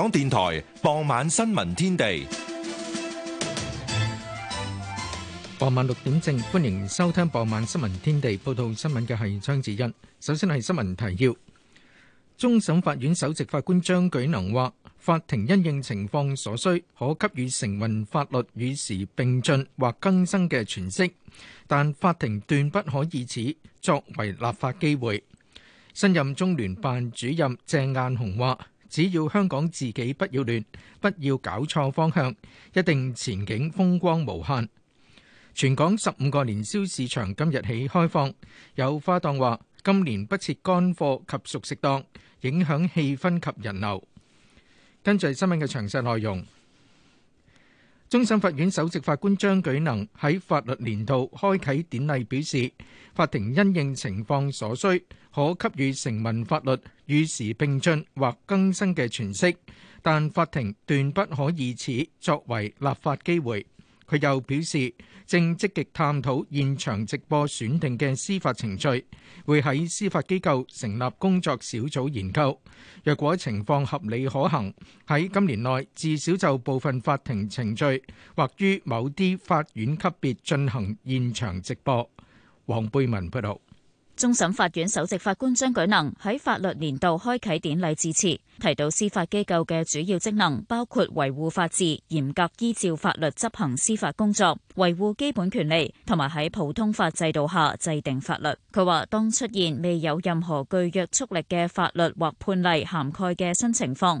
香港電台傍晚新聞天地，傍晚六點正，歡迎收聽傍晚新聞天地。報道新聞嘅係張子欣。首先係新聞提要。終審法院首席法官張舉能話，法庭因應情況所需，可給予成文法律與時並進或更新嘅詮釋，但法庭斷不可以此作為立法機會。新任中聯辦主任鄭雁雄話。只要香港自己不要亂，不要搞錯方向，一定前景風光無限。全港十五個年宵市場今日起開放，有花檔話今年不設乾貨及熟食檔，影響氣氛及人流。跟住新聞嘅詳細內容，終審法院首席法官張舉能喺法律年度開啟典禮表示，法庭因應情況所需。可給予成文法律與時並進或更新嘅詮釋，但法庭斷不可以此作為立法機會。佢又表示，正積極探討現場直播選定嘅司法程序，會喺司法機構成立工作小組研究。若果情況合理可行，喺今年內至少就部分法庭程序或於某啲法院級別進行現場直播。黃貝文報導。終審法院首席法官張舉能喺法律年度開啟典禮致辭，提到司法機構嘅主要職能包括維護法治、嚴格依照法律執行司法工作、維護基本權利，同埋喺普通法制度下制定法律。佢話，當出現未有任何具約束力嘅法律或判例涵蓋嘅新情況。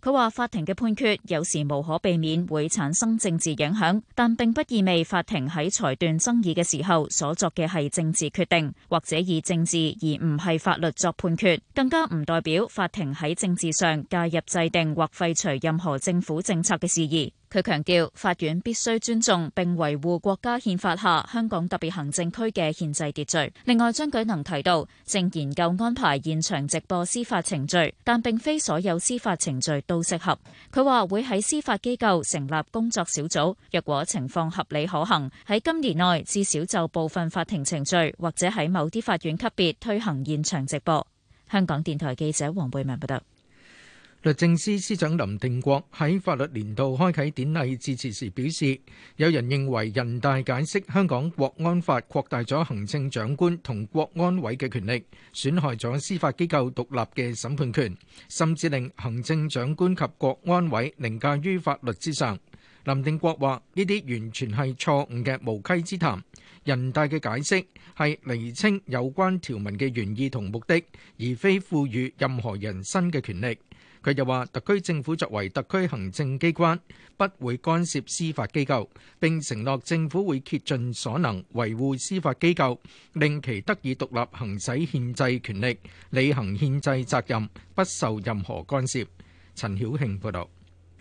佢話：法庭嘅判決有時無可避免會產生政治影響，但並不意味法庭喺裁斷爭議嘅時候所作嘅係政治決定，或者以政治而唔係法律作判決，更加唔代表法庭喺政治上介入制定或廢除任何政府政策嘅事宜。佢強調，法院必須尊重並維護國家憲法下香港特別行政區嘅憲制秩序。另外，張舉能提到，正研究安排現場直播司法程序，但並非所有司法程序都適合。佢話會喺司法機構成立工作小組，若果情況合理可行，喺今年內至少就部分法庭程序或者喺某啲法院級別推行現場直播。香港電台記者黃貝文報道。律政司司長林定國喺法律年度開啟典禮致辭時表示，有人認為人大解釋《香港國安法》擴大咗行政長官同國安委嘅權力，損害咗司法機構獨立嘅審判權，甚至令行政長官及國安委凌駕於法律之上。林定國話，呢啲完全係錯誤嘅無稽之談。人大嘅解釋係釐清有關條文嘅原意同目的，而非賦予任何人新嘅權力。佢又話：特區政府作為特區行政機關，不會干涉司法機構，並承諾政府會竭盡所能維護司法機構，令其得以獨立行使憲制權力，履行憲制責任，不受任何干涉。陳曉慶報道。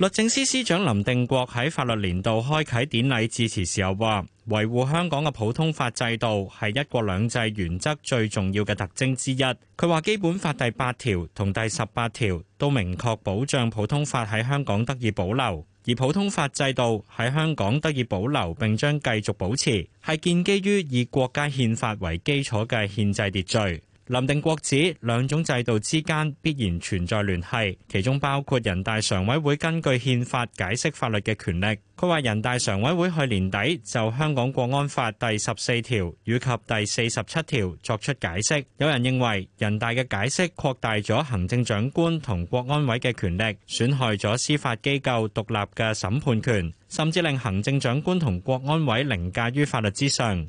律政司司長林定國喺法律年度開啟典禮致辭時候話，維護香港嘅普通法制度係一國兩制原則最重要嘅特徵之一。佢話，《基本法》第八條同第十八條都明確保障普通法喺香港得以保留，而普通法制度喺香港得以保留並將繼續保持，係建基於以國家憲法為基礎嘅憲制秩序。林定國指兩種制度之間必然存在聯繫，其中包括人大常委會根據憲法解釋法律嘅權力。佢話，人大常委會去年底就香港國安法第十四條以及第四十七條作出解釋，有人認為人大嘅解釋擴大咗行政長官同國安委嘅權力，損害咗司法機構獨立嘅審判權，甚至令行政長官同國安委凌駕於法律之上。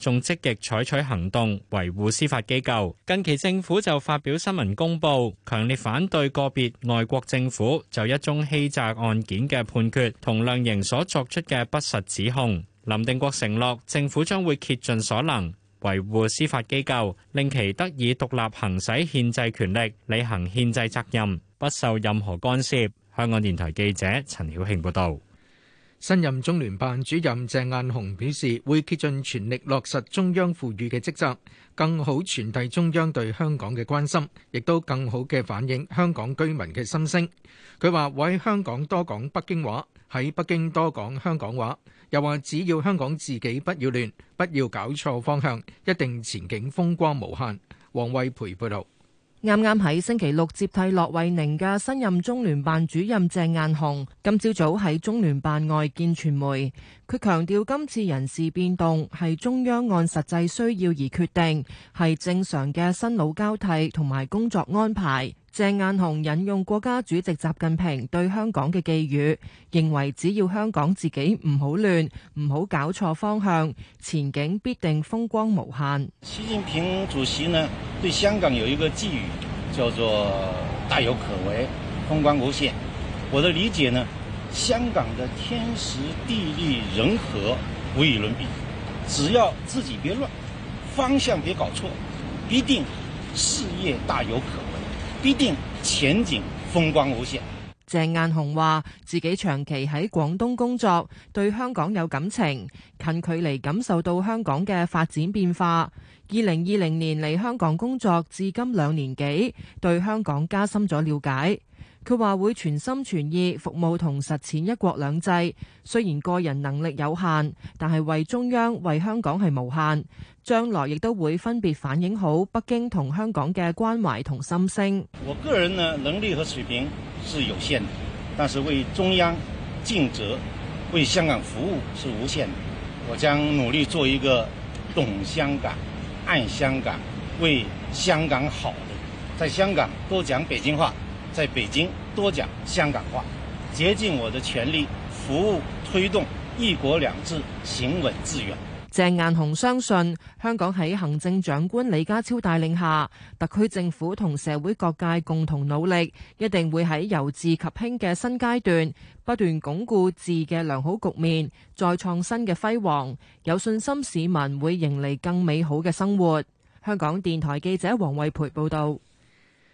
仲積極採取行動維護司法機構。近期政府就發表新聞公佈，強烈反對個別外國政府就一宗欺詐案件嘅判決同量刑所作出嘅不實指控。林定國承諾，政府將會竭盡所能維護司法機構，令其得以獨立行使憲制權力、履行憲制責任，不受任何干涉。香港電台記者陳曉慶報道。新任中聯辦主任鄭雁雄表示，會竭盡全力落實中央賦予嘅職責，更好傳遞中央對香港嘅關心，亦都更好嘅反映香港居民嘅心聲。佢話：喺香港多講北京話，喺北京多講香港話。又話只要香港自己不要亂，不要搞錯方向，一定前景風光無限。王衛培報道。啱啱喺星期六接替駱惠寧嘅新任中聯辦主任鄭雁雄，今朝早喺中聯辦外見傳媒，佢強調今次人事變動係中央按實際需要而決定，係正常嘅新老交替同埋工作安排。鄭雁雄引用國家主席習近平對香港嘅寄語，認為只要香港自己唔好亂，唔好搞錯方向，前景必定風光無限。習近平主席呢對香港有一個寄語，叫做大有可為，風光無限。我的理解呢，香港的天時地利人和無以倫比，只要自己別亂，方向別搞錯，一定事業大有可。必定前景風光無限。鄭雁雄話：自己長期喺廣東工作，對香港有感情，近距離感受到香港嘅發展變化。二零二零年嚟香港工作，至今兩年幾，對香港加深咗了解。佢話：會全心全意服務同實踐一國兩制。雖然個人能力有限，但係為中央、為香港係無限。將來亦都會分別反映好北京同香港嘅關懷同心聲。我個人呢能力和水平是有限，但是為中央盡責、為香港服務是無限。我將努力做一個懂香港、愛香港、為香港好的，在香港多講北京話。在北京多講香港話，竭盡我的全力服務推動一國兩制行穩致遠。鄭雁雄相信，香港喺行政長官李家超帶領下，特區政府同社會各界共同努力，一定會喺由治及興嘅新階段，不斷鞏固治嘅良好局面，再創新嘅輝煌。有信心市民會迎嚟更美好嘅生活。香港電台記者黃慧培報道。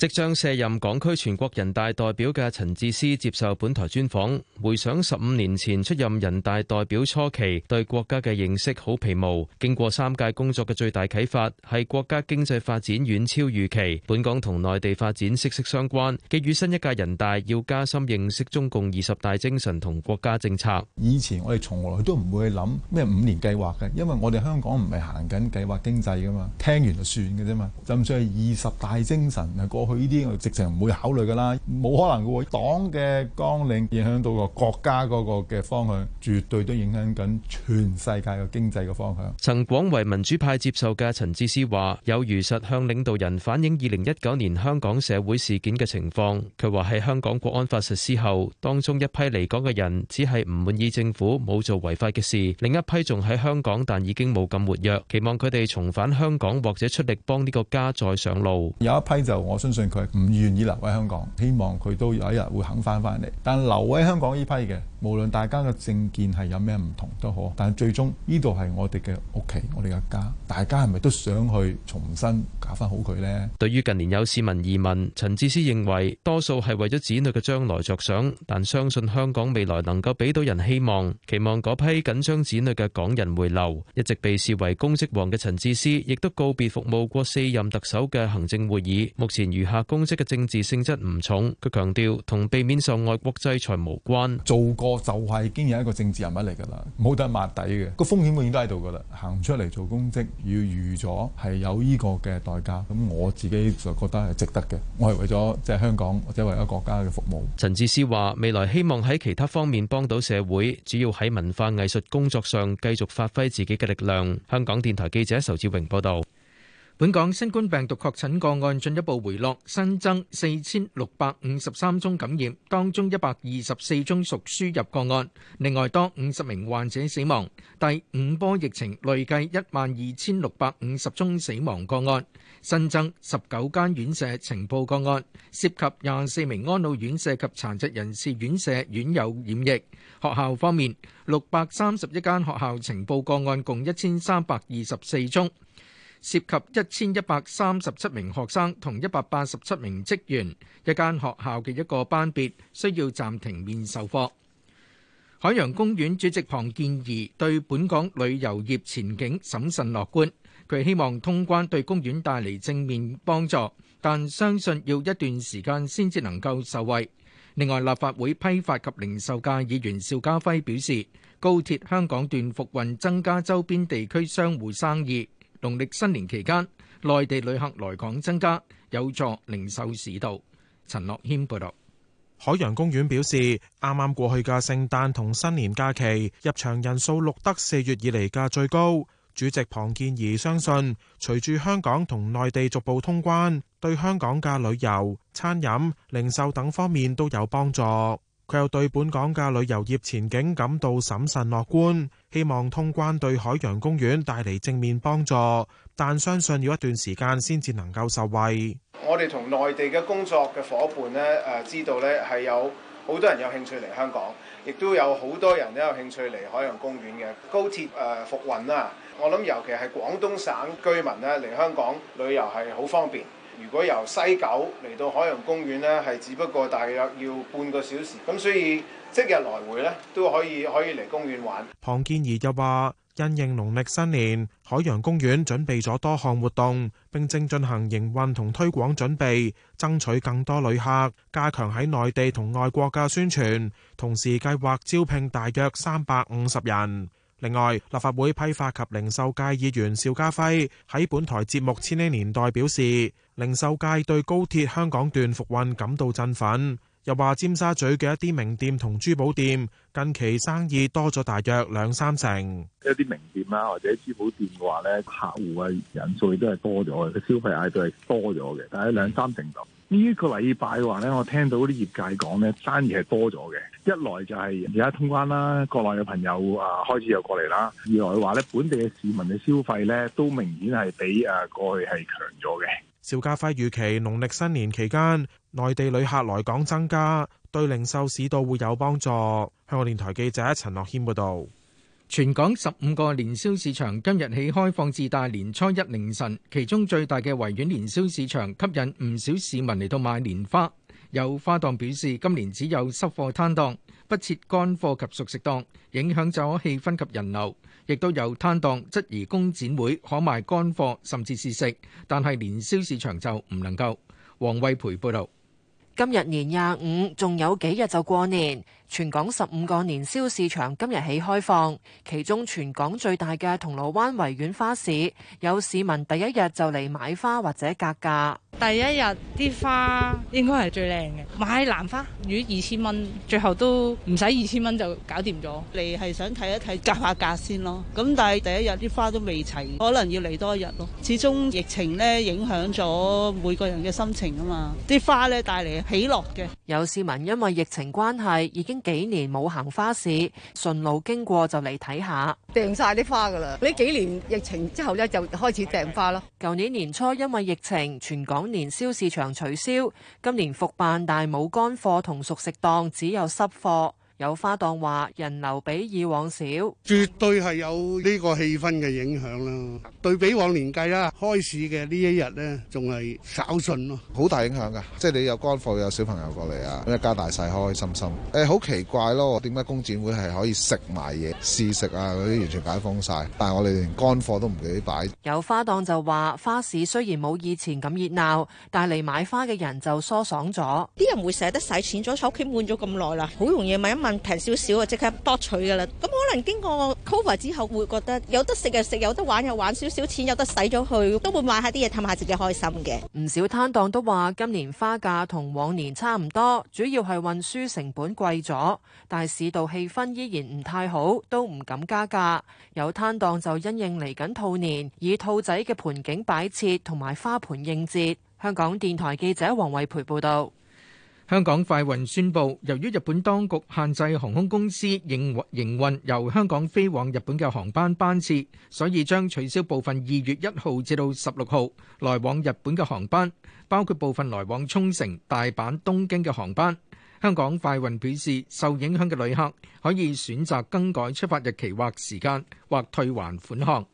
即將卸任港區全國人大代表嘅陳智思接受本台專訪，回想十五年前出任人大代表初期，對國家嘅認識好皮毛。經過三屆工作嘅最大啟發，係國家經濟發展遠超預期，本港同內地發展息息相關。寄予新一屆人大要加深認識中共二十大精神同國家政策。以前我哋從來都唔會諗咩五年計劃嘅，因為我哋香港唔係行緊計劃經濟噶嘛，聽完就算嘅啫嘛。甚至係二十大精神啊，過佢呢啲我直情唔會考慮㗎啦，冇可能嘅。黨嘅綱領影響到個國家嗰個嘅方向，絕對都影響緊全世界嘅經濟嘅方向。曾廣為民主派接受嘅陳智思話：有如實向領導人反映二零一九年香港社會事件嘅情況。佢話喺香港國安法實施後，當中一批離港嘅人只係唔滿意政府冇做違法嘅事，另一批仲喺香港但已經冇咁活躍，期望佢哋重返香港或者出力幫呢個家再上路。有一批就我相信。佢唔願意留喺香港，希望佢都有一日會肯翻翻嚟。但留喺香港呢批嘅，無論大家嘅政見係有咩唔同都好，但最終呢度係我哋嘅屋企，我哋嘅家，大家係咪都想去重新搞翻好佢呢？對於近年有市民移民，陳智思認為多數係為咗子女嘅將來着想，但相信香港未來能夠俾到人希望，期望嗰批緊張子女嘅港人回流。一直被視為公職王嘅陳智思亦都告別服務過四任特首嘅行政會議，目前餘下公職嘅政治性質唔重，佢強調同避免受外國制裁無關。做過就係已經係一個政治人物嚟噶啦，冇得抹底嘅，個風險永遠都喺度噶啦。行出嚟做公職要預咗係有呢個嘅代價，咁我自己就覺得係值得嘅。我係為咗即係香港或者為咗國家嘅服務。陳智思話，未來希望喺其他方面幫到社會，主要喺文化藝術工作上繼續發揮自己嘅力量。香港電台記者仇志榮報道。本港新冠病毒確診個案進一步回落，新增四千六百五十三宗感染，當中一百二十四宗屬輸入個案。另外多五十名患者死亡。第五波疫情累計一萬二千六百五十宗死亡個案，新增十九間院舍情報個案，涉及廿四名安老院舍及殘疾人士院舍院友染疫。學校方面，六百三十一間學校情報個案共一千三百二十四宗，涉及一千一百三十七名學生同一百八十七名職員，一間學校嘅一個班別需要暫停面授課。海洋公園主席龐建儀對本港旅遊業前景審慎樂觀，佢希望通關對公園帶嚟正面幫助，但相信要一段時間先至能夠受惠。另外，立法會批發及零售界議員邵家輝表示，高鐵香港段復運增加周邊地區商戶生意。農曆新年期間，內地旅客來港增加，有助零售市道，陳樂軒報導。海洋公園表示，啱啱過去嘅聖誕同新年假期，入場人數錄得四月以嚟嘅最高。主席龐建怡相信，隨住香港同內地逐步通關，對香港嘅旅遊、餐飲、零售等方面都有幫助。佢又對本港嘅旅遊業前景感到審慎樂觀，希望通關對海洋公園帶嚟正面幫助，但相信要一段時間先至能夠受惠。我哋同內地嘅工作嘅伙伴咧誒，知道咧，係有好多人有興趣嚟香港，亦都有好多人都有興趣嚟海洋公園嘅高鐵誒復運啦。我諗尤其係廣東省居民咧，嚟香港旅遊係好方便。如果由西九嚟到海洋公園咧，係只不過大約要半個小時，咁，所以即日來回咧都可以可以嚟公園玩。龐建貽又話因應農曆新年，海洋公園準備咗多項活動，並正進行營運同推廣準備，爭取更多旅客，加強喺內地同外國嘅宣傳，同時計劃招聘大約三百五十人。另外，立法會批發及零售界議員邵家輝喺本台節目《千禧年代》表示，零售界對高鐵香港段復運感到振奮，又話尖沙咀嘅一啲名店同珠寶店近期生意多咗大約兩三成。一啲名店啦，或者珠寶店嘅話呢，客戶嘅人數都係多咗，嘅消費額都係多咗嘅，大概兩三成咁。呢個禮拜嘅話咧，我聽到啲業界講咧，生意係多咗嘅，一來就係而家通關啦，國內嘅朋友啊開始又過嚟啦；二來嘅話咧，本地嘅市民嘅消費咧都明顯係比誒過去係強咗嘅。邵家輝預期，農曆新年期間，內地旅客來港增加，對零售市道會有幫助。香港電台記者陳樂軒報導。全港十五個年宵市場今日起開放至大年初一凌晨，其中最大嘅維園年宵市場吸引唔少市民嚟到買年花。有花檔表示，今年只有濕貨攤檔，不設乾貨及熟食檔，影響咗氣氛及人流。亦都有攤檔質疑工展會可賣乾貨甚至試食，但係年宵市場就唔能夠。黃惠培報道，今日年廿五，仲有幾日就過年。全港十五個年宵市場今日起開放，其中全港最大嘅銅鑼灣維園花市有市民第一日就嚟買花或者格價。第一日啲花應該係最靚嘅。買蘭花，預二千蚊，最後都唔使二千蚊就搞掂咗。嚟係想睇一睇，格下價先咯。咁但係第一日啲花都未齊，可能要嚟多一日咯。始終疫情咧影響咗每個人嘅心情啊嘛，啲花咧帶嚟喜樂嘅。有市民因為疫情關係已經。幾年冇行花市，順路經過就嚟睇下。訂晒啲花㗎喇。呢幾年疫情之後咧，就開始訂花咯。舊年年初因為疫情，全港年宵市場取消，今年復辦，大冇乾貨同熟食檔，只有濕貨。有花檔話人流比以往少，絕對係有呢個氣氛嘅影響啦。對比往年計啦，開市嘅呢一日咧仲係稍遜咯，好大影響噶。即係你有乾貨，有小朋友過嚟啊，一家大細，開開心心。誒，好奇怪咯，點解工展會係可以食埋嘢試食啊嗰啲完全解封晒，但係我哋連乾貨都唔記得擺。有花檔就話花市雖然冇以前咁熱鬧，但嚟買花嘅人就疏爽咗。啲人會捨得使錢咗，喺屋企悶咗咁耐啦，好容易買一買。平少少啊，即刻博取噶啦。咁可能經過 cover 之後，會覺得有得食就食，有得玩就玩。少少錢有得使咗去，都會買下啲嘢，氹下自己開心嘅。唔少攤檔都話今年花價同往年差唔多，主要係運輸成本貴咗，但係市道氣氛依然唔太好，都唔敢加價。有攤檔就因應嚟緊兔年，以兔仔嘅盆景擺設同埋花盆應節。香港電台記者黃惠培報導。香港快運宣佈，由於日本當局限制航空公司營運營運由香港飛往日本嘅航班班次，所以將取消部分二月一號至到十六號來往日本嘅航班，包括部分來往沖繩、大阪、東京嘅航班。香港快運表示，受影響嘅旅客可以選擇更改出發日期或時間，或退還款項。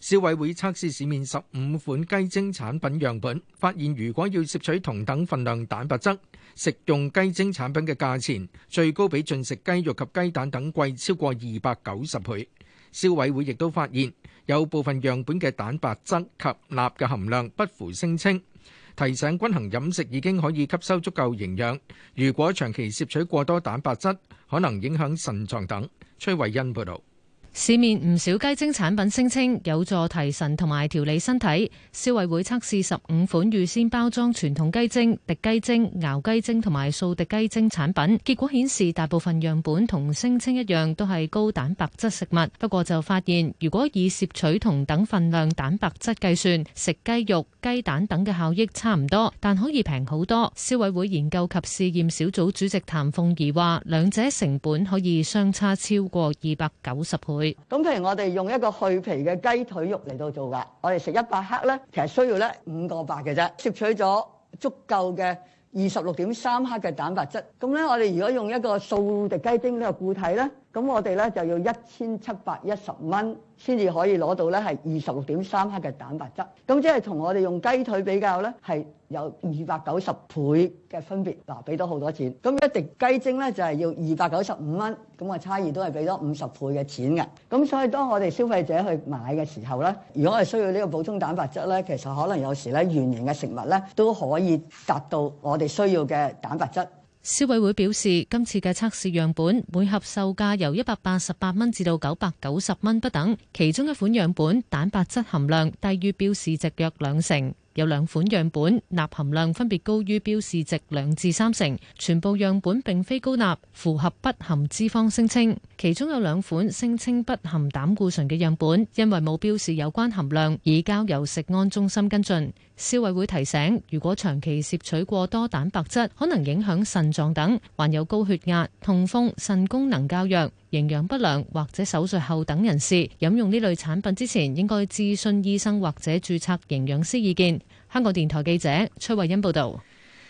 消委會測試市面十五款雞精產品樣本，發現如果要攝取同等分量蛋白質，食用雞精產品嘅價錢最高比進食雞肉及雞蛋等貴超過二百九十倍。消委會亦都發現有部分樣本嘅蛋白質及鈉嘅含量不符聲稱，提醒均衡飲食已經可以吸收足夠營養，如果長期攝取過多蛋白質，可能影響腎臟等。崔慧欣報道。市面唔少雞精產品聲稱有助提神同埋調理身體，消委會測試十五款預先包裝傳統雞精、滴雞精、熬雞精同埋素滴雞精產品，結果顯示大部分樣本同聲稱一樣都係高蛋白質食物。不過就發現，如果以攝取同等份量蛋白質計算，食雞肉、雞蛋等嘅效益差唔多，但可以平好多。消委會研究及試驗小組主席譚鳳儀話，兩者成本可以相差超過二百九十倍。咁譬如我哋用一個去皮嘅雞腿肉嚟到做㗎。我哋食一百克咧，其實需要咧五個八嘅啫，攝取咗足夠嘅二十六點三克嘅蛋白質。咁咧，我哋如果用一個素嘅雞丁呢個固體咧，咁我哋咧就要一千七百一十蚊。先至可以攞到呢係二十六點三克嘅蛋白質。咁即係同我哋用雞腿比較呢，係有二百九十倍嘅分別。嗱，俾多好多錢？咁一滴雞精呢，就係、是、要二百九十五蚊，咁、那、啊、個、差異都係俾多五十倍嘅錢嘅。咁所以當我哋消費者去買嘅時候呢，如果係需要呢個補充蛋白質呢，其實可能有時呢，原形嘅食物呢都可以達到我哋需要嘅蛋白質。消委會表示，今次嘅測試樣本每盒售價由一百八十八蚊至到九百九十蚊不等，其中一款樣本蛋白質含量低於標示值約兩成，有兩款樣本鈉含量分別高於標示值兩至三成，全部樣本並非高鈉，符合不含脂肪聲稱。其中有兩款聲稱不含膽固醇嘅樣本，因為冇標示有關含量，已交由食安中心跟進。消委會提醒，如果長期攝取過多蛋白質，可能影響腎臟等，患有高血壓、痛風、腎功能較弱、營養不良或者手術後等人士，飲用呢類產品之前應該諮詢醫生或者註冊營養師意見。香港電台記者崔慧欣報道。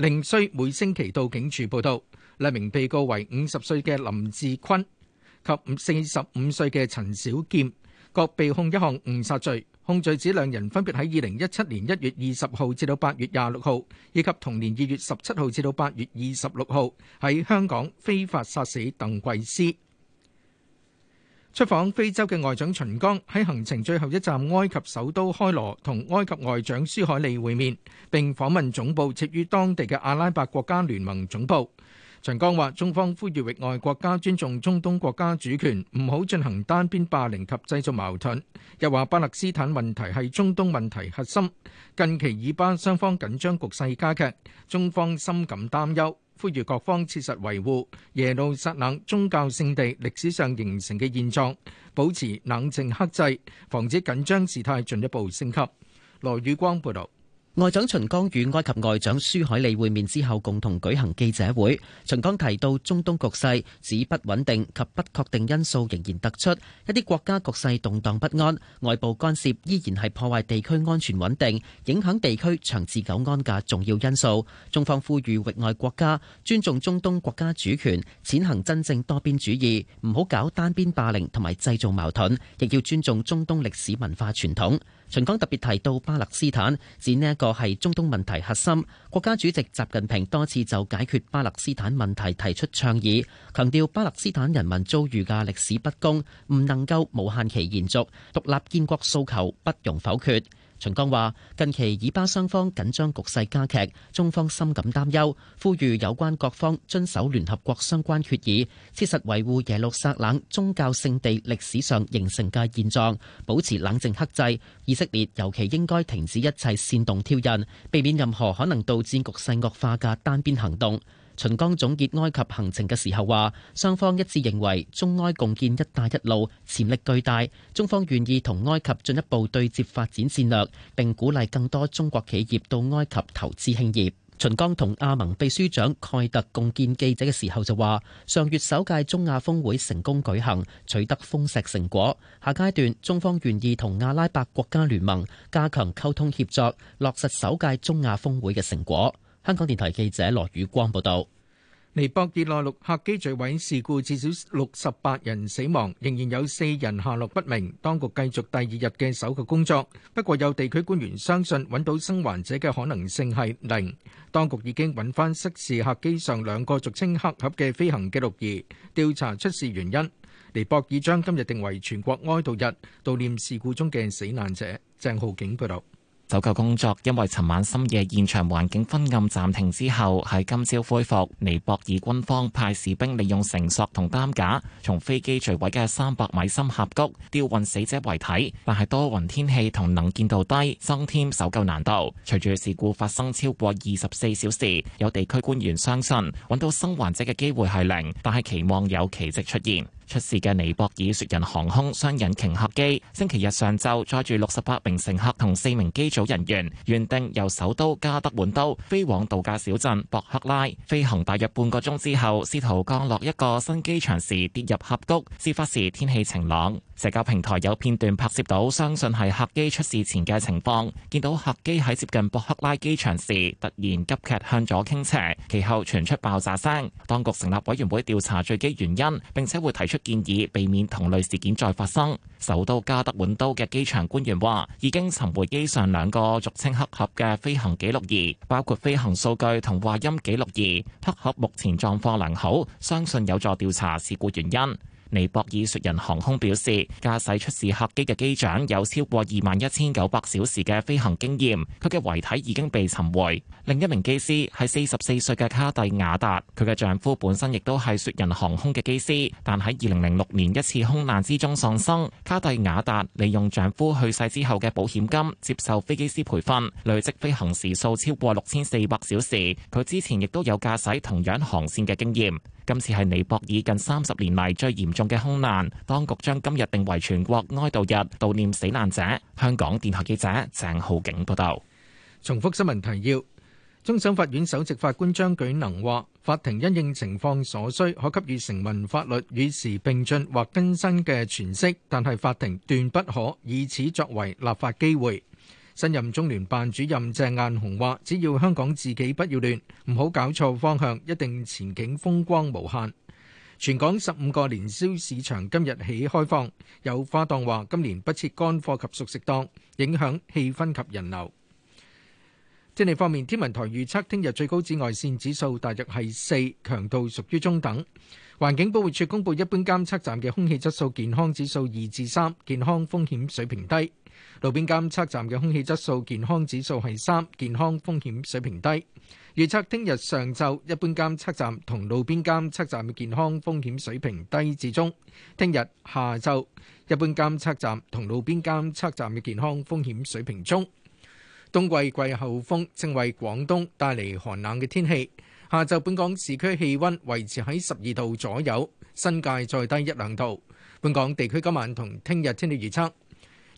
另需每星期到警署報到。兩名被告為五十歲嘅林志坤及四十五歲嘅陳小劍，各被控一項誤殺罪。控罪指兩人分別喺二零一七年一月二十號至到八月廿六號，以及同年二月十七號至到八月二十六號，喺香港非法殺死鄧桂思。出訪非洲嘅外長秦剛喺行程最後一站埃及首都開羅同埃及外長舒凱里會面，並訪問總部設於當地嘅阿拉伯國家聯盟總部。秦剛話：中方呼籲域外國家尊重中東國家主權，唔好進行單邊霸凌及製造矛盾。又話巴勒斯坦問題係中東問題核心，近期以巴雙方緊張局勢加劇，中方深感擔憂。呼籲各方切實維護耶路撒冷宗教聖地歷史上形成嘅現狀，保持冷靜克制，防止緊張事態進一步升級。羅宇光報道。。外長秦剛與埃及外長舒海利會面之後，共同舉行記者會。秦剛提到，中東局勢指不穩定及不確定因素仍然突出，一啲國家局勢動盪不安，外部干涉依然係破壞地區安全穩定、影響地區長治久安嘅重要因素。中方呼籲域外國家尊重中東國家主權，踐行真正多邊主義，唔好搞單邊霸凌同埋製造矛盾，亦要尊重中東歷史文化傳統。秦剛特別提到巴勒斯坦，指呢一個係中東問題核心。國家主席習近平多次就解決巴勒斯坦問題提出倡議，強調巴勒斯坦人民遭遇嘅歷史不公唔能夠無限期延續，獨立建國訴求不容否決。秦剛話：近期以巴雙方緊張局勢加劇，中方深感擔憂，呼籲有關各方遵守聯合國相關決議，切實維護耶路撒冷宗教聖地歷史上形成嘅現狀，保持冷靜克制。以色列尤其應該停止一切煽動挑釁，避免任何可能導致局勢惡化嘅單邊行動。秦剛總結埃及行程嘅時候話，雙方一致認為中埃共建“一帶一路”潛力巨大，中方願意同埃及進一步對接發展戰略，並鼓勵更多中國企業到埃及投資興業。秦剛同阿盟秘書長蓋特共見記者嘅時候就話，上月首屆中亞峰會成功舉行，取得豐碩成果。下階段，中方願意同阿拉伯國家聯盟加強溝通協作，落實首屆中亞峰會嘅成果。香港電台記者羅宇光報道：尼泊爾內陸客機墜毀事故至少六十八人死亡，仍然有四人下落不明。當局繼續第二日嘅搜救工作，不過有地區官員相信揾到生還者嘅可能性係零。當局已經揾翻失事客機上兩個俗稱黑盒嘅飛行記錄儀，調查出事原因。尼泊爾將今日定為全國哀悼日，悼念事故中嘅死難者。鄭浩景報道。搜救工作因為尋晚深夜現場環境昏暗暫停之後，喺今朝恢復。尼泊爾軍方派士兵利用繩索同擔架從飛機墜毀嘅三百米深峽谷吊運死者遺體，但係多雲天氣同能見度低，增添搜救難度。隨住事故發生超過二十四小時，有地區官員相信揾到生還者嘅機會係零，但係期望有奇蹟出現。出事嘅尼泊爾雪人航空雙引擎客機，星期日上晝載住六十八名乘客同四名機組人員，原定由首都加德滿都飛往度假小鎮博克拉。飛行大約半個鐘之後，試圖降落一個新機場時跌入峽谷。事發時天氣晴朗。社交平台有片段拍攝到，相信係客機出事前嘅情況，見到客機喺接近博克拉機場時突然急劇向左傾斜，其後傳出爆炸聲。當局成立委員會調查墜機原因，並且會提出建議，避免同類事件再發生。首都加德滿都嘅機場官員話，已經尋回機上兩個俗稱黑盒嘅飛行記錄儀，包括飛行數據同話音記錄儀。黑盒目前狀況良好，相信有助調查事故原因。尼泊爾雪人航空表示，駕駛出事客機嘅機長有超過二萬一千九百小時嘅飛行經驗，佢嘅遺體已經被尋回。另一名機師係四十四歲嘅卡蒂亞達，佢嘅丈夫本身亦都係雪人航空嘅機師，但喺二零零六年一次空難之中喪生。卡蒂亞達利用丈夫去世之後嘅保險金接受飛機師培訓，累積飛行時數超過六千四百小時，佢之前亦都有駕駛同樣航線嘅經驗。今次係尼泊爾近三十年嚟最嚴重重嘅空難，當局將今日定為全國哀悼日，悼念死難者。香港電台記者鄭浩景報道。重複新聞提要，終審法院首席法官張舉能話，法庭因應情況所需，可給予成文法律與時並進或更新嘅詮釋，但係法庭斷不可以此作為立法機會。新任中聯辦主任鄭雁雄話，只要香港自己不要亂，唔好搞錯方向，一定前景風光無限。全港十五個年宵市場今日起開放，有花檔話今年不設乾貨及熟食檔，影響氣氛及人流。天氣方面，天文台預測聽日最高紫外線指數大約係四，強度屬於中等。環境保護署公布，一般監測站嘅空氣質素健康指數二至三，健康風險水平低；路邊監測站嘅空氣質素健康指數係三，健康風險水平低。預測聽日上晝，一般監測站同路邊監測站嘅健康風險水平低至中；聽日下晝，一般監測站同路邊監測站嘅健康風險水平中。冬季季候風正為廣東帶嚟寒冷嘅天氣。下晝本港市區氣温維持喺十二度左右，新界再低一兩度。本港地區今晚同聽日天氣預測，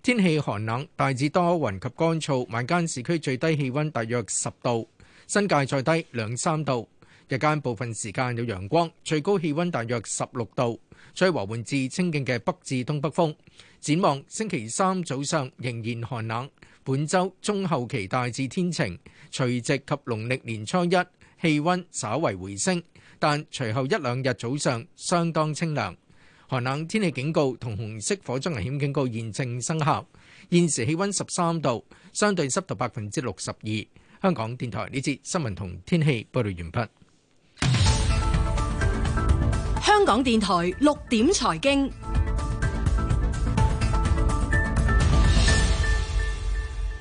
天氣寒冷，大致多雲及乾燥，晚間市區最低氣温大約十度，新界再低兩三度。日間部分時間有陽光，最高氣温大約十六度，吹和緩至清勁嘅北至東北風。展望星期三早上仍然寒冷，本周中後期大致天晴，除夕及農曆年初一。氣溫稍為回升，但隨後一兩日早上相當清涼。寒冷天氣警告同紅色火災危險警告現正生效。現時氣溫十三度，相對濕度百分之六十二。香港電台呢節新聞同天氣報道完畢。香港電台六點財經，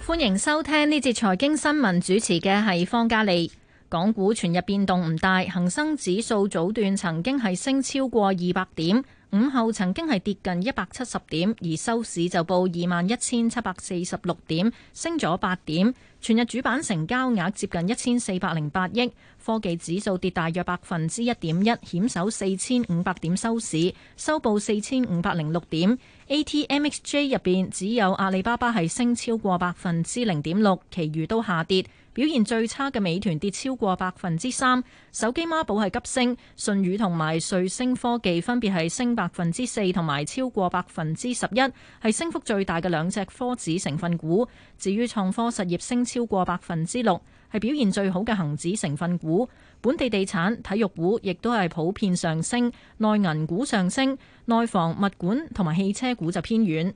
歡迎收聽呢節財經新聞，主持嘅係方嘉莉。港股全日變動唔大，恒生指數早段曾經係升超過二百點，午後曾經係跌近一百七十點，而收市就報二萬一千七百四十六點，升咗八點。全日主板成交額接近一千四百零八億，科技指數跌大約百分之一點一，險守四千五百點收市，收報四千五百零六點。A T M X J 入邊只有阿里巴巴係升超過百分之零點六，其餘都下跌。表現最差嘅美團跌超過百分之三，手機孖寶係急升，舜宇同埋瑞聲科技分別係升百分之四同埋超過百分之十一，係升幅最大嘅兩隻科指成分股。至於創科實業升超過百分之六，係表現最好嘅恒指成分股。本地地產、體育股亦都係普遍上升，內銀股上升，內房物管同埋汽車股就偏軟。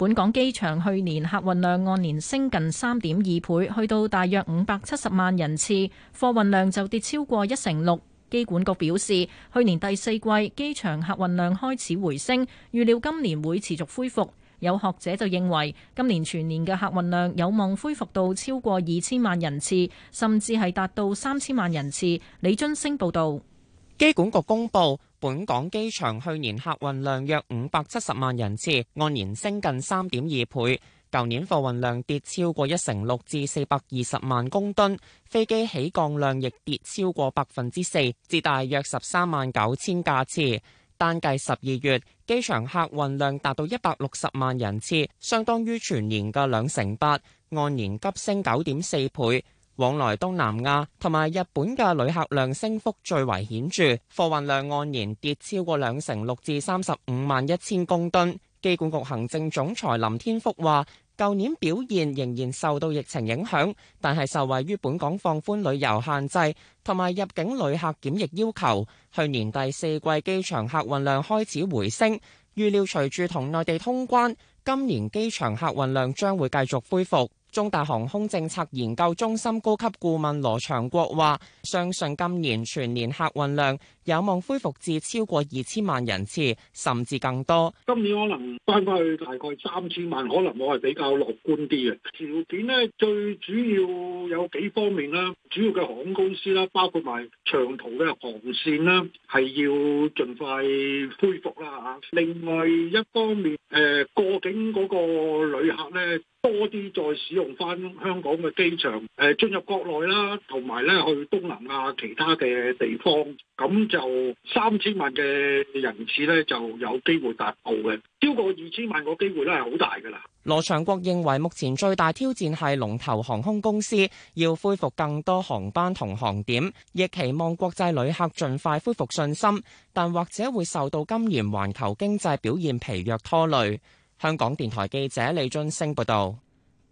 本港機場去年客運量按年升近三點二倍，去到大約五百七十萬人次，貨運量就跌超過一成六。機管局表示，去年第四季機場客運量開始回升，預料今年會持續恢復。有學者就認為，今年全年嘅客運量有望恢復到超過二千萬人次，甚至係達到三千萬人次。李津星報導。機管局公布。本港機場去年客運量約五百七十萬人次，按年升近三點二倍。舊年貨運量跌超過一成六，至四百二十萬公噸，飛機起降量亦跌超過百分之四，至大約十三萬九千架次。但計十二月，機場客運量達到一百六十萬人次，相當於全年嘅兩成八，按年急升九點四倍。往來東南亞同埋日本嘅旅客量升幅最為顯著，貨運量按年跌超過兩成六至三十五萬一千公噸。機管局行政總裁林天福話，舊年表現仍然受到疫情影響，但係受惠於本港放寬旅遊限制同埋入境旅客檢疫要求，去年第四季機場客運量開始回升。預料隨住同內地通關，今年機場客運量將會繼續恢復。中大航空政策研究中心高級顧問羅祥國話：相信今年全年客運量，有望恢復至超過二千萬人次，甚至更多。今年可能翻返去大概三千萬，可能我係比較樂觀啲嘅條件咧。最主要有幾方面啦，主要嘅航空公司啦，包括埋長途嘅航線啦，係要盡快恢復啦嚇。另外一方面，誒過境嗰個旅客咧，多啲再使用翻香港嘅機場，誒進入國內啦，同埋咧去東南亞其他嘅地方，咁就。就三千萬嘅人次呢，就有機會達到嘅。超過二千萬個機會都係好大噶啦。羅祥國認為，目前最大挑戰係龍頭航空公司要恢復更多航班同航點，亦期望國際旅客盡快恢復信心，但或者會受到今年環球經濟表現疲弱拖累。香港電台記者李津升報道。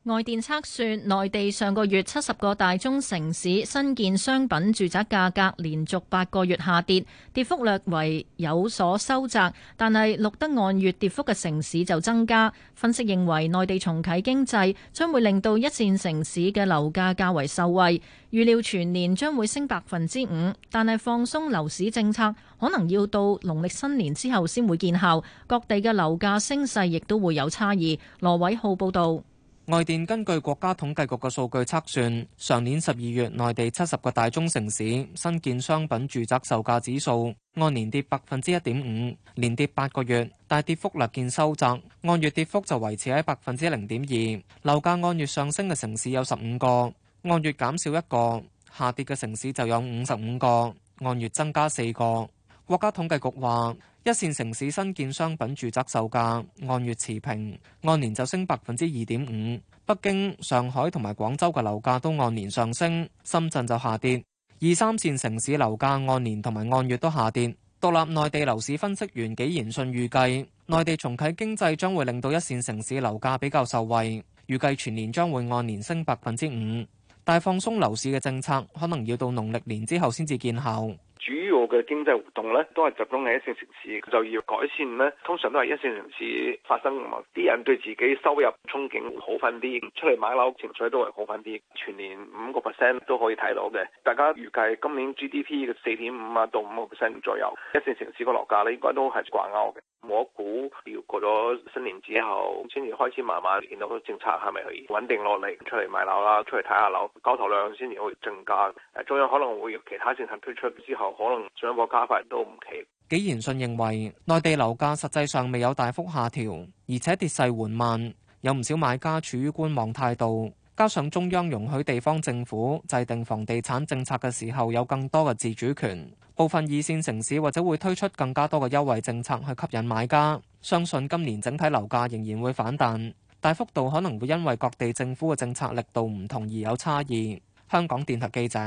外電測算，內地上個月七十個大中城市新建商品住宅價格連續八個月下跌，跌幅略為有所收窄，但係錄得按月跌幅嘅城市就增加。分析認為，內地重啟經濟將會令到一線城市嘅樓價較為受惠，預料全年將會升百分之五。但係放鬆樓市政策可能要到農曆新年之後先會見效，各地嘅樓價升勢亦都會有差異。羅偉浩報道。外電根據國家統計局嘅數據測算，上年十二月內地七十個大中城市新建商品住宅售價指數按年跌百分之一點五，連跌八個月，大跌幅略見收窄，按月跌幅就維持喺百分之零點二。樓價按月上升嘅城市有十五個，按月減少一個，下跌嘅城市就有五十五個，按月增加四個。國家統計局話，一線城市新建商品住宅售價按月持平，按年就升百分之二點五。北京、上海同埋廣州嘅樓價都按年上升，深圳就下跌。二三線城市樓價按年同埋按月都下跌。獨立內地樓市分析員紀言信預計，內地重啟經濟將會令到一線城市樓價比較受惠，預計全年將會按年升百分之五，但放鬆樓市嘅政策可能要到農曆年之後先至見效。主要嘅經濟活動咧，都係集中喺一線城市，就要改善咧。通常都係一線城市發生嘅嘛，啲人對自己收入憧憬好返啲，出嚟買樓情緒都係好返啲。全年五個 percent 都可以睇到嘅，大家預計今年 GDP 嘅四點五啊到五個 percent 左右，一線城市嘅樓價咧應該都係掛鈎嘅。我估要過咗新年之後，先至開始慢慢見到個政策係咪可以穩定落嚟，出嚟買樓啦，出嚟睇下樓，交投量先至會增加。誒，中央可能會有其他政策推出之後，可能進一步加快都唔奇。紀賢信認為，內地樓價實際上未有大幅下調，而且跌勢緩慢，有唔少買家處於觀望態度。加上中央容許地方政府制定房地產政策嘅時候，有更多嘅自主權。部分二線城市或者會推出更加多嘅優惠政策去吸引買家，相信今年整體樓價仍然會反彈，大幅度可能會因為各地政府嘅政策力度唔同而有差異。香港電台記者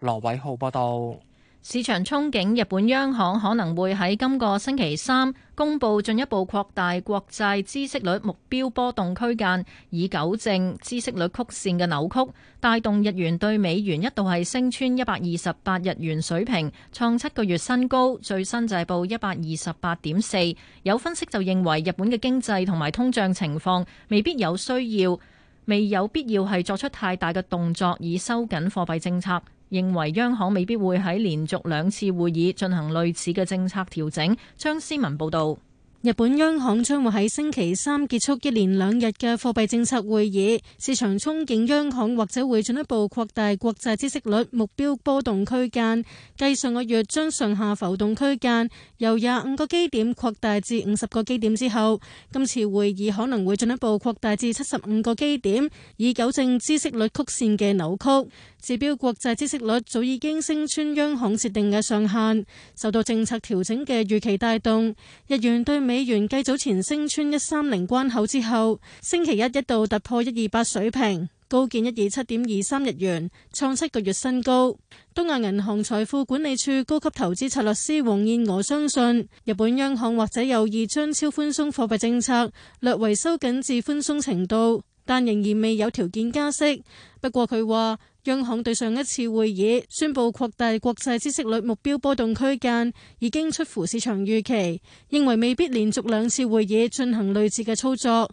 羅偉浩報道。市場憧憬日本央行可能會喺今個星期三公布進一步擴大國債孳息率目標波動區間，以糾正孳息率曲線嘅扭曲，帶動日元對美元一度係升穿一百二十八日元水平，創七個月新高，最新就係報一百二十八點四。有分析就認為，日本嘅經濟同埋通脹情況未必有需要，未有必要係作出太大嘅動作以收緊貨幣政策。認為央行未必會喺連續兩次會議進行類似嘅政策調整。張思文報道，日本央行將會喺星期三結束一連兩日嘅貨幣政策會議。市場憧憬央行或者會進一步擴大國債孳息率目標波動區間，繼上個月將上下浮動區間由廿五個基點擴大至五十個基點之後，今次會議可能會進一步擴大至七十五個基點，以糾正孳息率曲線嘅扭曲。指標國際孳息率早已經升穿央行設定嘅上限，受到政策調整嘅預期帶動，日元對美元繼早前升穿一三零關口之後，星期一一度突破一二八水平，高見一二七點二三日元，創七個月新高。東亞銀行財富管理處高級投資策略師王燕娥相信，日本央行或者有意將超寬鬆貨幣政策略為收緊至寬鬆程度。但仍然未有條件加息。不過，佢話央行對上一次會議宣布擴大國債孳息率目標波動區間已經出乎市場預期，認為未必連續兩次會議進行類似嘅操作。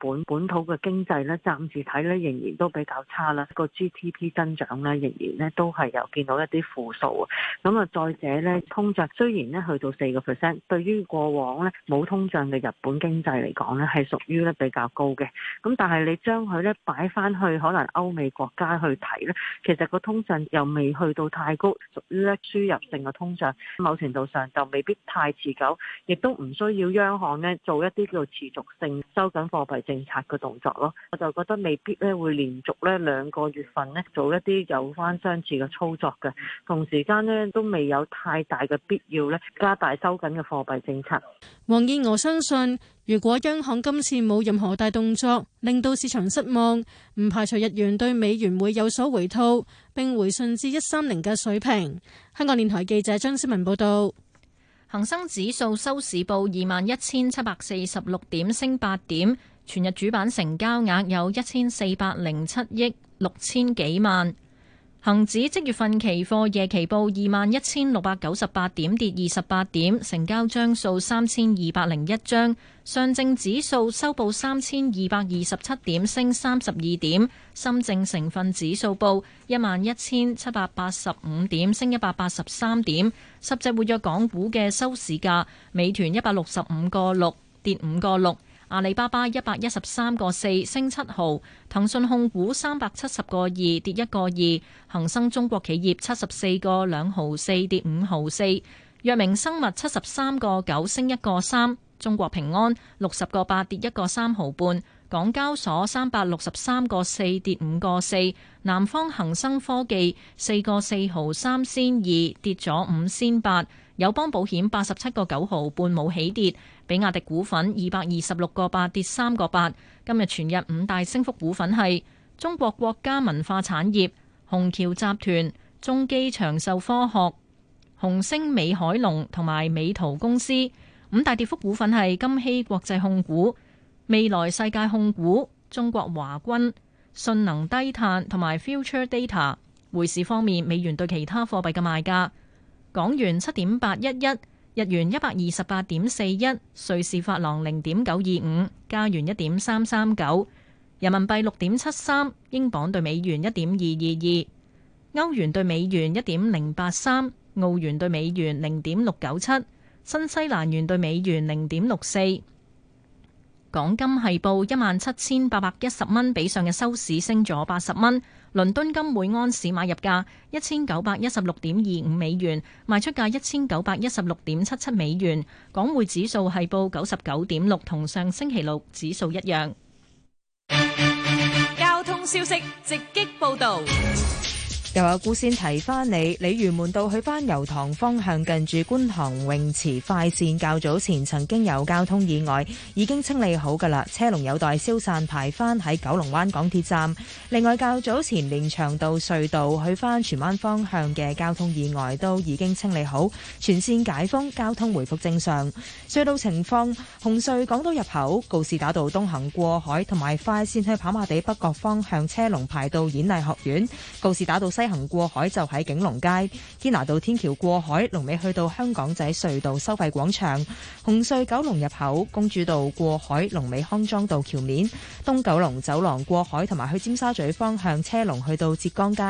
本本土嘅經濟咧，暫時睇咧仍然都比較差啦。個 GDP 增長咧，仍然咧都係有見到一啲負數啊。咁啊，再者咧，通脹雖然咧去到四個 percent，對於過往咧冇通脹嘅日本經濟嚟講咧，係屬於咧比較高嘅。咁但係你將佢咧擺翻去可能歐美國家去睇咧，其實個通脹又未去到太高，屬於咧輸入性嘅通脹，某程度上就未必太持久，亦都唔需要央行咧做一啲叫持續性收緊貨幣政策嘅動作咯，我就覺得未必咧會連續咧兩個月份咧做一啲有關相似嘅操作嘅。同時間咧都未有太大嘅必要咧加大收緊嘅貨幣政策。黃燕娥相信，如果央行今次冇任何大動作，令到市場失望，唔排除日元對美元會有所回吐，並回信至一三零嘅水平。香港電台記者張思文報道。恒生指數收市報二萬一千七百四十六點，升八點。全日主板成交額有一千四百零七億六千幾萬，恒指即月份期貨夜期報二萬一千六百九十八點，跌二十八點，成交張數三千二百零一張。上證指數收報三千二百二十七點，升三十二點。深證成分指數報一萬一千七百八十五點，升一百八十三點。十隻活躍港股嘅收市價，美團一百六十五個六，跌五個六。阿里巴巴一百一十三個四升七毫，騰訊控股三百七十個二跌一個二，恒生中國企業七十四個兩毫四跌五毫四，藥明生物七十三個九升一個三，中國平安六十個八跌一個三毫半，港交所三百六十三個四跌五個四，南方恒生科技四個四毫三先二跌咗五先八。友邦保險八十七個九毫半冇起跌，比亞迪股份二百二十六個八跌三個八。今日全日五大升幅股份係中國國家文化產業、紅橋集團、中基長壽科學、紅星美凱龍同埋美圖公司。五大跌幅股份係金禧國際控股、未來世界控股、中國華軍、信能低碳同埋 Future Data。匯市方面，美元對其他貨幣嘅賣價。港元七點八一一，日元一百二十八點四一，瑞士法郎零點九二五，加元一點三三九，人民幣六點七三，英鎊對美元一點二二二，歐元對美元一點零八三，澳元對美元零點六九七，新西蘭元對美元零點六四。港金係報一萬七千八百一十蚊，比上嘅收市升咗八十蚊。倫敦金每安士買入價一千九百一十六點二五美元，賣出價一千九百一十六點七七美元。港匯指數係報九十九點六，同上星期六指數一樣。交通消息直擊報道。又話先提翻你，鯉魚門道去翻油塘方向，近住觀塘泳池快綫，較早前曾經有交通意外，已經清理好㗎啦，車龍有待消散，排翻喺九龍灣港鐵站。另外，較早前連翔道隧道去翻荃灣方向嘅交通意外都已經清理好，全線解封，交通回復正常。隧道情況：紅隧港島入口告士打道東行過海，同埋快綫去跑馬地北角方向車龍，排到演藝學院，告士打道西。行過海就喺景龍街，堅拿道天橋過海，龍尾去到香港仔隧道收費廣場；紅隧九龍入口，公主道過海，龍尾康莊道橋面；東九龍走廊過海，同埋去尖沙咀方向車龍去到浙江街，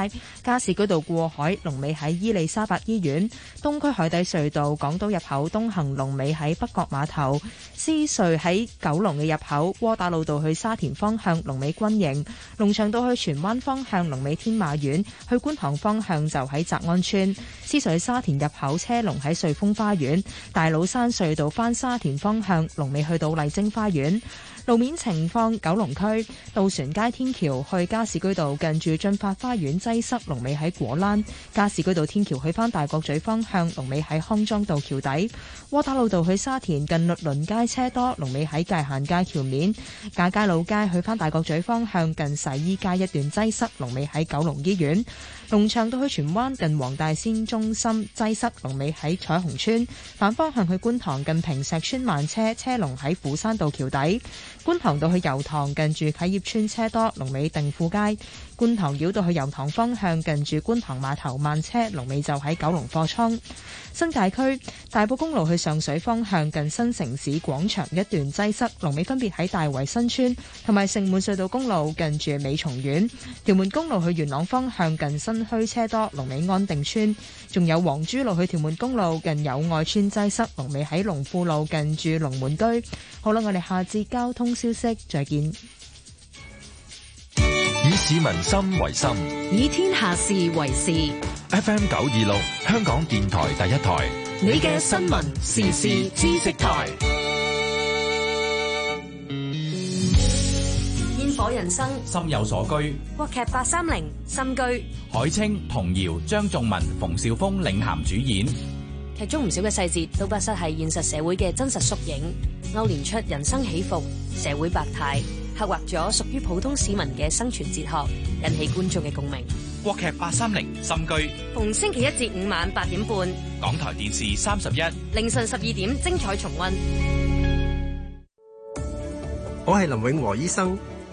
加士居道過海，龍尾喺伊利沙伯醫院；東區海底隧道港島入口，東行龍尾喺北角碼頭；獅隧喺九龍嘅入口，窩打老道去沙田方向龍，龍尾軍營；龍翔道去荃灣方向，龍尾天馬苑，去。觀塘方向就喺澤安村，獅隧沙田入口車龍喺瑞峰花園，大老山隧道翻沙田方向龍尾去到麗晶花園。路面情況，九龍區渡船街天橋去加士居道近住駿發花園擠塞，龍尾喺果欄；加士居道天橋去翻大角咀方向，龍尾喺康莊道橋底。窩打老道去沙田近律倫街車多，龍尾喺界限街橋面。亞皆老街去翻大角咀方向近洗衣街一段擠塞，龍尾喺九龍醫院。龍翔道去荃灣近黃大仙中心擠塞，龍尾喺彩虹村；反方向去觀塘近坪石村慢車，車龍喺斧山道橋底。觀塘道去油塘近住啟業邨車多，龍尾定富街。觀塘繞道去油塘方向近住觀塘碼頭慢車，龍尾就喺九龍貨倉。新界區大埔公路去上水方向近新城市廣場一段擠塞，龍尾分別喺大圍新村同埋城門隧道公路近住美松苑。屯門公路去元朗方向近新。去車多，龍尾安定村。仲有黃珠路去屯門公路近友愛村擠塞，龍尾喺龍富路近住龍門居。好啦，我哋下節交通消息再見。以市民心為心，以天下事為事。F M 九二六，香港電台第一台，你嘅新聞時事知識台。我人生心有所居，國劇八三零心居，海清、童瑤、張仲文、馮紹峰領銜主演，劇中唔少嘅細節都不失係現實社會嘅真實縮影，勾連出人生起伏、社會百態，刻畫咗屬於普通市民嘅生存哲學，引起觀眾嘅共鳴。國劇八三零心居，逢星期一至五晚八點半，港台電視三十一，凌晨十二點精彩重溫。我係林永和醫生。